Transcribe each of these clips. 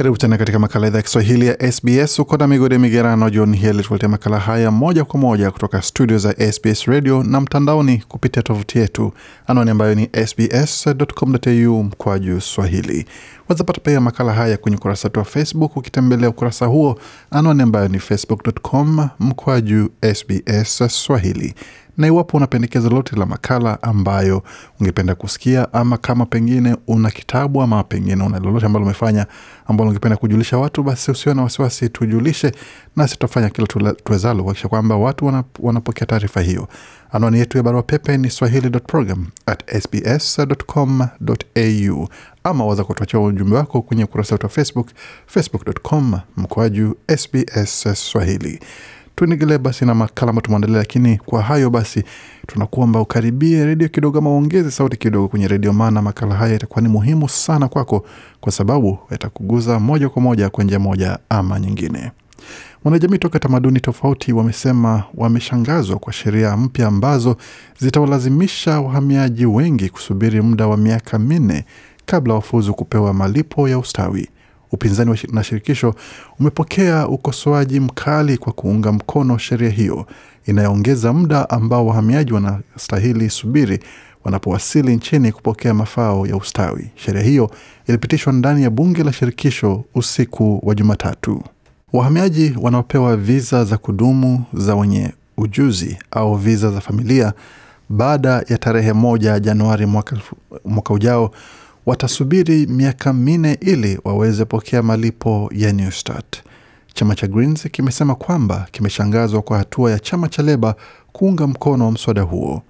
Karibu tena katika makala idhaa ya Kiswahili ya SBS. Uko na migodi Migerano John hii alituletea makala haya moja kwa moja kutoka studio za SBS radio na mtandaoni kupitia tovuti yetu, anwani ambayo ni sbs.com.au mkwa juu swahili. Wazapata pia makala haya kwenye ukurasa wetu wa Facebook ukitembelea ukurasa huo, anwani ambayo ni facebook.com mkwa juu sbs swahili na iwapo una pendekezo lolote la makala ambayo ungependa kusikia, ama kama pengine una kitabu ama pengine una lolote ambalo umefanya ambalo ungependa kujulisha watu, basi usio na wasiwasi, tujulishe, nasi tutafanya kila tuwezalo kuakisha kwamba watu wanapokea taarifa hiyo. Anwani yetu ya barua pepe ni swahili.program@sbs.com.au, ama waweza kutuachia ujumbe wako kwenye ukurasa wetu wa Facebook, facebook.com mkoaju SBS Swahili tuendelee basi na makala ambayo tumeandalia, lakini kwa hayo basi tunakuomba ukaribie redio kidogo ama uongeze sauti kidogo kwenye redio, maana makala haya itakuwa ni muhimu sana kwako, kwa sababu yatakuguza moja kwa moja kwa njia moja ama nyingine. Wanajamii toka tamaduni tofauti wamesema wameshangazwa kwa sheria mpya ambazo zitawalazimisha wahamiaji wengi kusubiri muda wa miaka minne kabla wafuzu kupewa malipo ya ustawi. Upinzani na shirikisho umepokea ukosoaji mkali kwa kuunga mkono sheria hiyo inayoongeza muda ambao wahamiaji wanastahili subiri wanapowasili nchini kupokea mafao ya ustawi. Sheria hiyo ilipitishwa ndani ya bunge la shirikisho usiku wa Jumatatu. Wahamiaji wanaopewa viza za kudumu za wenye ujuzi au viza za familia baada ya tarehe moja Januari mwaka, mwaka ujao watasubiri miaka minne ili waweze pokea malipo ya New Start. Chama cha Greens kimesema kwamba kimeshangazwa kwa hatua ya chama cha Leba kuunga mkono wa mswada huo.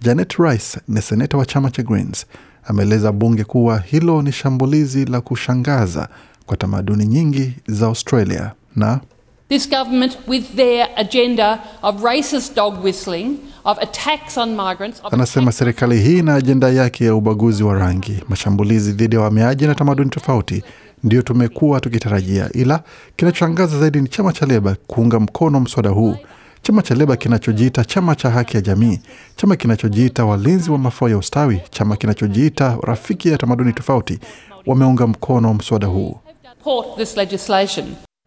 Janet Rice ni seneta wa chama cha Greens, ameeleza bunge kuwa hilo ni shambulizi la kushangaza kwa tamaduni nyingi za Australia na This government, with their agenda of racist dog whistling, of attacks on migrants, of anasema serikali hii na ajenda yake ya ubaguzi wa rangi, mashambulizi dhidi ya wahamiaji na tamaduni tofauti ndiyo tumekuwa tukitarajia, ila kinachoangaza zaidi ni chama cha Leba kuunga mkono mswada huu. Chama cha Leba kinachojiita chama cha haki ya jamii, chama kinachojiita walinzi wa mafao ya ustawi, chama kinachojiita rafiki ya tamaduni tofauti, wameunga mkono mswada huu.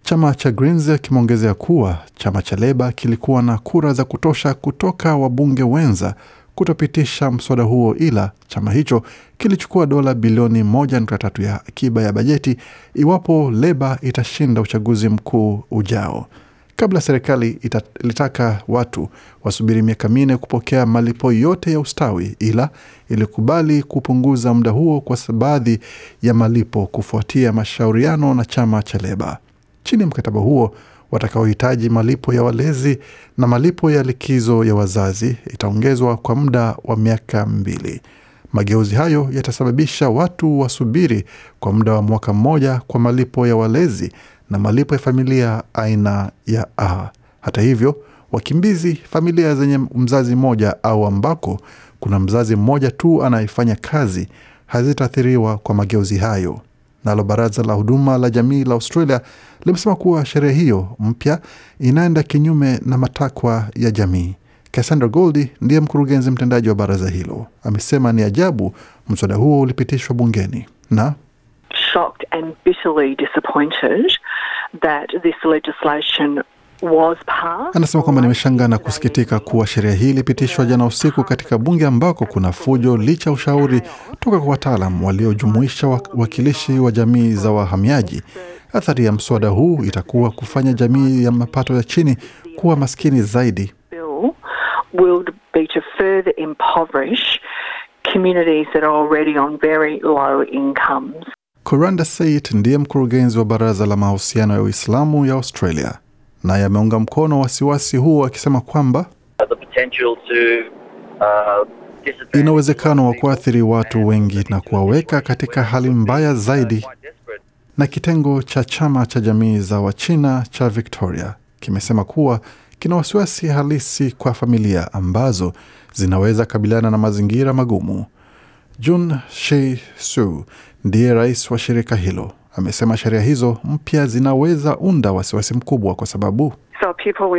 Chama cha Greens kimeongezea kuwa chama cha Leba kilikuwa na kura za kutosha kutoka wabunge wenza kutopitisha mswada huo, ila chama hicho kilichukua dola bilioni 1.3 ya akiba ya bajeti iwapo Leba itashinda uchaguzi mkuu ujao. Kabla serikali ilitaka watu wasubiri miaka minne kupokea malipo yote ya ustawi, ila ilikubali kupunguza muda huo kwa baadhi ya malipo kufuatia mashauriano na chama cha Leba chini ya mkataba huo watakaohitaji malipo ya walezi na malipo ya likizo ya wazazi itaongezwa kwa muda wa miaka mbili. Mageuzi hayo yatasababisha watu wasubiri kwa muda wa mwaka mmoja kwa malipo ya walezi na malipo ya familia aina ya A. Hata hivyo, wakimbizi, familia zenye mzazi mmoja au ambako kuna mzazi mmoja tu anayefanya kazi hazitaathiriwa kwa mageuzi hayo. Nalo baraza la huduma la jamii la Australia limesema kuwa sheria hiyo mpya inaenda kinyume na matakwa ya jamii. Cassandra Goldie ndiye mkurugenzi mtendaji wa baraza hilo, amesema ni ajabu mswada huo ulipitishwa bungeni na shocked and bitterly disappointed that this legislation Anasema kwamba nimeshangaa na kusikitika kuwa sheria hii ilipitishwa jana usiku katika bunge ambako kuna fujo licha ya ushauri toka kwa wataalam waliojumuisha wawakilishi wa jamii za wahamiaji. Athari ya mswada huu itakuwa kufanya jamii ya mapato ya chini kuwa maskini zaidi. Coranda Sait ndiye mkurugenzi wa Baraza la Mahusiano ya Uislamu ya Australia naye ameunga mkono wasiwasi huo akisema kwamba uh, ina uwezekano wa kuathiri watu wengi na kuwaweka katika hali mbaya zaidi. Na kitengo cha chama cha jamii za Wachina cha Victoria kimesema kuwa kina wasiwasi halisi kwa familia ambazo zinaweza kabiliana na mazingira magumu. Jun Shei Su ndiye rais wa shirika hilo. Amesema sheria hizo mpya zinaweza unda wasiwasi mkubwa kwa sababu so uh,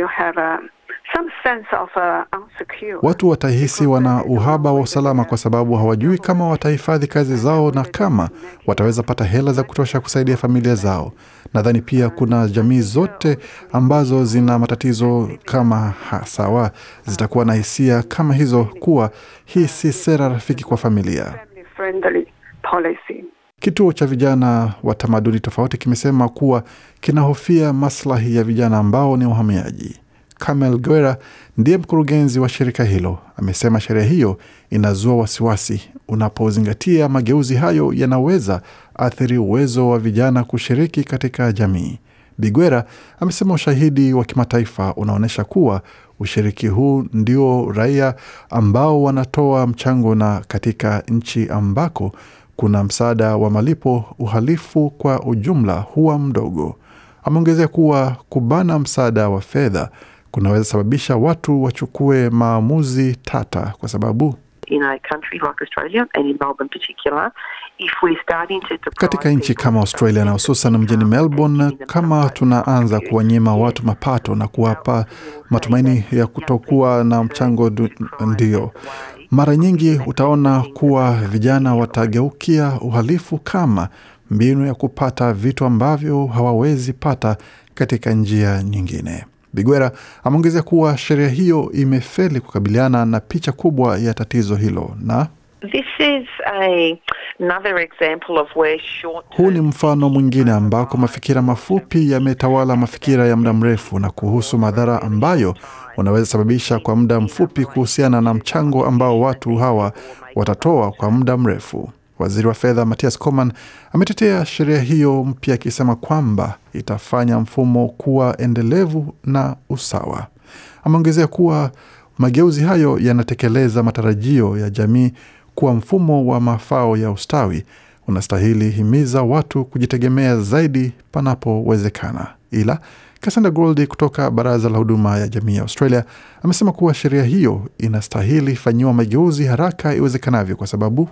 watu watahisi wana uhaba wa usalama kwa sababu hawajui kama watahifadhi kazi zao na kama wataweza pata hela za kutosha kusaidia familia zao. Nadhani pia kuna jamii zote ambazo zina matatizo kama sawa, zitakuwa na hisia kama hizo, kuwa hii si sera rafiki kwa familia. Kituo cha vijana wa tamaduni tofauti kimesema kuwa kinahofia maslahi ya vijana ambao ni wahamiaji. Kamel Guera ndiye mkurugenzi wa shirika hilo, amesema sheria hiyo inazua wasiwasi unapozingatia mageuzi hayo yanaweza athiri uwezo wa vijana kushiriki katika jamii. Bigwera amesema ushahidi wa kimataifa unaonyesha kuwa ushiriki huu ndio raia ambao wanatoa mchango na katika nchi ambako kuna msaada wa malipo, uhalifu kwa ujumla huwa mdogo. Ameongezea kuwa kubana msaada wa fedha kunaweza sababisha watu wachukue maamuzi tata kwa sababu katika nchi kama Australia na hususan mjini Melbourne, kama tunaanza kuwanyima watu mapato na kuwapa matumaini ya kutokuwa na mchango, ndio mara nyingi utaona kuwa vijana watageukia uhalifu kama mbinu ya kupata vitu ambavyo hawawezi pata katika njia nyingine. Bigwera ameongezea kuwa sheria hiyo imefeli kukabiliana na picha kubwa ya tatizo hilo na huu ni mfano mwingine ambako mafikira mafupi yametawala mafikira ya muda mrefu na kuhusu madhara ambayo unaweza sababisha kwa muda mfupi kuhusiana na mchango ambao watu hawa watatoa kwa muda mrefu. Waziri wa fedha matthias Coman ametetea sheria hiyo mpya akisema kwamba itafanya mfumo kuwa endelevu na usawa. Ameongezea kuwa mageuzi hayo yanatekeleza matarajio ya jamii kuwa mfumo wa mafao ya ustawi unastahili himiza watu kujitegemea zaidi panapowezekana. Ila kasanda Gold kutoka Baraza la Huduma ya Jamii ya Australia amesema kuwa sheria hiyo inastahili fanyiwa mageuzi haraka iwezekanavyo kwa sababu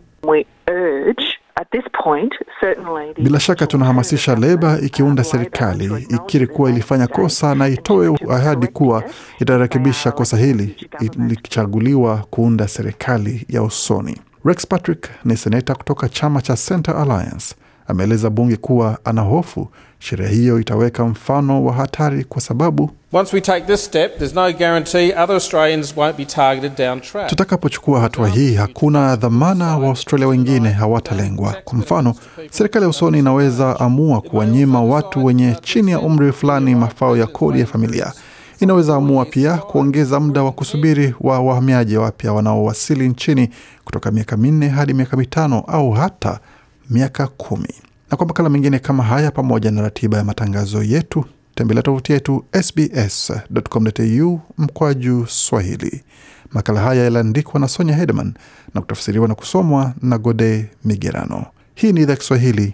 bila shaka tunahamasisha leba ikiunda serikali ikiri kuwa ilifanya kosa na itoe ahadi kuwa itarekebisha kosa hili ilichaguliwa kuunda serikali ya usoni. Rex Patrick ni seneta kutoka chama cha Center Alliance ameeleza bunge kuwa ana hofu sheria hiyo itaweka mfano wa hatari kwa sababu no, tutakapochukua hatua hii hakuna dhamana wa australia wengine hawatalengwa. Kwa mfano, serikali ya usoni inaweza amua kuwanyima watu wenye chini ya umri fulani mafao ya kodi ya familia inaweza amua pia kuongeza muda wa kusubiri wa wahamiaji wapya wanaowasili nchini kutoka miaka minne hadi miaka mitano au hata miaka kumi. Na kwa makala mengine kama haya, pamoja na ratiba ya matangazo yetu, tembelea tovuti yetu sbs.com.au mkwaju Swahili. Makala haya yaliandikwa na Sonya Hedman na kutafsiriwa na kusomwa na Gode Migerano. Hii ni idhaa Kiswahili